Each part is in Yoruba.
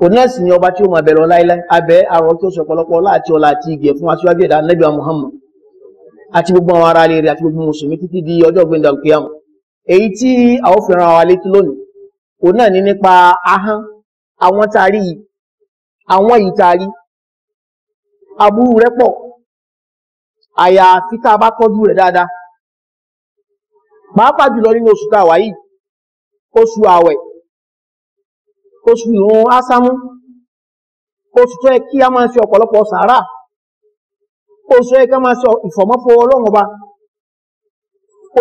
òun náà sì ni ọba tí ó máa bẹ̀rẹ̀ ọláìláì abẹ́ àrọ̀ kí ó sọ ọ̀pọ̀lọpọ̀ láti ọlá àti ìgẹ̀ fún aṣíwájú ẹ̀dá Ànábì Muhammad àti gbogbo àwọn ará rere àti gbogbo mùsùlùmí títí di ọjọ́ gbẹ̀ndà kíyámà èyí tí a ó fi ran lónìí òun náà ní nípa ahọ́n àwọn yìí àwọn yìí aburú oṣù ìrún ásámú oṣù tó a máa ṣe ọ̀pọ̀lọpọ̀ sàárà oṣù a máa ṣe ìfọ̀mọ́fọ́ ọlọ́run ọba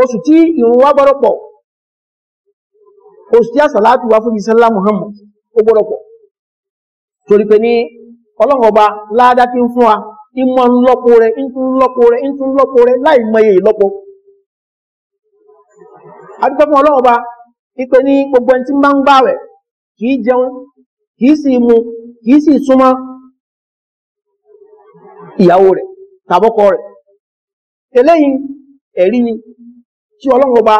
oṣù tí ìrún wa gbọ́dọ̀ pọ̀ oṣù tí àsàlátù wa fún ìsẹ́lá Muhammad ó gbọ́dọ̀ pọ̀ torí pé ní ọlọ́run ọba ń fún wa ìmọ̀ ń lọ́pọ̀ rẹ̀ ń tún lọ́pọ̀ rẹ̀ ń tún lọ́pọ̀ rẹ̀ láì mọye ìlọ́pọ̀ fún ọlọ́run ọba ipe ní gbogbo ẹni tí ń bá ń kì í jẹun kì í sì mu kì í sì súnmọ́ ìyàwó rẹ̀ tàbọ́kọ rẹ̀ eléyìí ẹ̀rí ni tí ọlọ́run ọba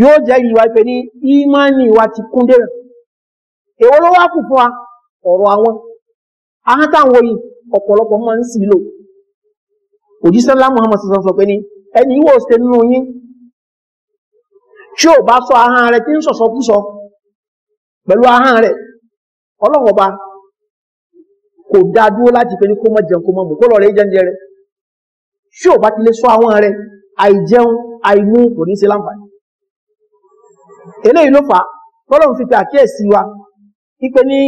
yóò jẹ́ ìwà ìpè ní ìmánì ìwà ti kún dé rẹ̀ èwo ló wá kù fún wa ọ̀rọ̀ àwọn ahátàwọn yìí ọ̀pọ̀lọpọ̀ máa ń sì lò òjíṣẹ́ ńlá Muhammad sọ̀rọ̀ sọ pé ní ẹni ìwọ̀ ṣe nínú yín tí ò bá sọ ahọ́n rẹ̀ tí ń sọ̀sọ́kúsọ pẹ̀lú ahọ́n rẹ̀ ọlọ́run kò dá dúró láti pé ní kó mọ́ jẹun kó mọ́ mú kó lọ ò bá ti lè sọ àwọn rẹ àìjẹun àìmú kò ní ṣe láǹfààní eléyìí ló fà lọ́lọ́run fi pe àkíyèsí wa ipe ní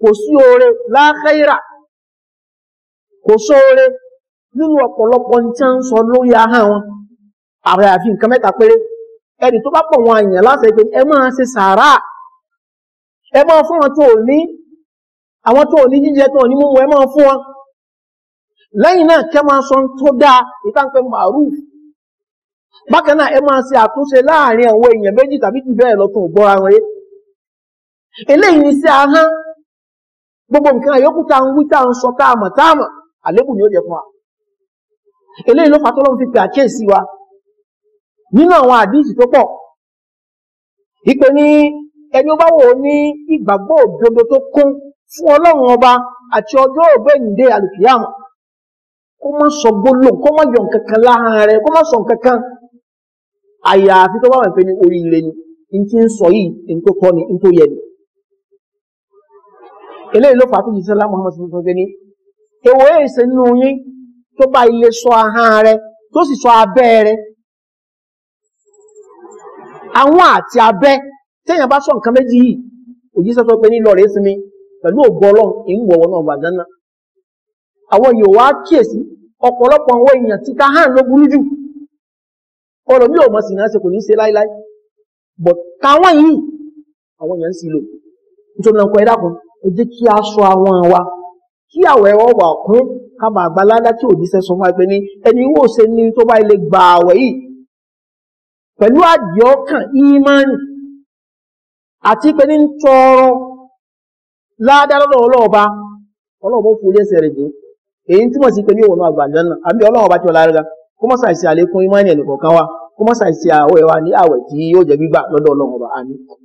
kò sí oore kò sóore nínú ọ̀pọ̀lọpọ̀ sọ lórí ẹ máa fún wọn tó ní àwọn tó ní jíjẹ tó ní múmu ẹ máa fún wọn lẹ́yìn náà máa sọ tó dáa ìtànpẹ́ màrúù bákan náà ẹ máa ṣe àtúnṣe láàrin àwọn èèyàn méjì tàbí jù bẹ́ẹ̀ lọ tó ń gbọ́ra wọn yé gbogbo nǹkan tá ń wí tá ń sọ tá a mọ̀ tá a ni ó jẹ fún wa eléyìí ló fà ẹni ó bá wò ó ní ìgbàgbọ́ òdodo tó kún fún ọlọ́run ọba àti ọjọ́ ògbéǹde àlùkìyàmù kó má sọ gbólóhùn kó má yọ nǹkankan láhàn rẹ kó má sọ nǹkankan àyàfi tó bá wà pé ní ni n ti ni n tó yẹ ni eléyìí ló fà á tó yìí sọ rẹ tó sì sọ téèyàn bá sọ nǹkan méjì yìí òjíṣẹ́ tó pe nílò rẹ̀ sinmi pẹ̀lú ògbọ́ ọlọ́run ìwọ̀wọ̀ náà wà gánà àwọn yòówá kíyèsí ọ̀pọ̀lọpọ̀ àwọn èèyàn ti ká hàn ló burú jù ọlọ́mí ò mọ̀ sí náà ṣe kò ní ṣe táwọn yìí àwọn èèyàn ń sì lò nítorí náà ẹ dákun ẹ jẹ́ kí a sọ àwọn wa kí àwọ̀ ẹ̀rọ wà kún ká máa gba ládá tí òjíṣẹ́ sọ fún ẹni wò ṣe ni tó bá àti pé ní tọrọ ládá lọ́dọ̀ ọlọ́ọ̀ba ọlọ́ọ̀bọ̀ fún ilé ẹsẹ̀ rẹ̀ jẹ́ èyí túmọ̀ sí pé ní òun àgbàjọ náà àbí ọlọ́ọ̀ba tí ó lára kó mọ́ sàìsí àlékún ìmọ̀ ẹnì kọ̀ọ̀kan wa kó mọ́ sàìsí ní àwẹ̀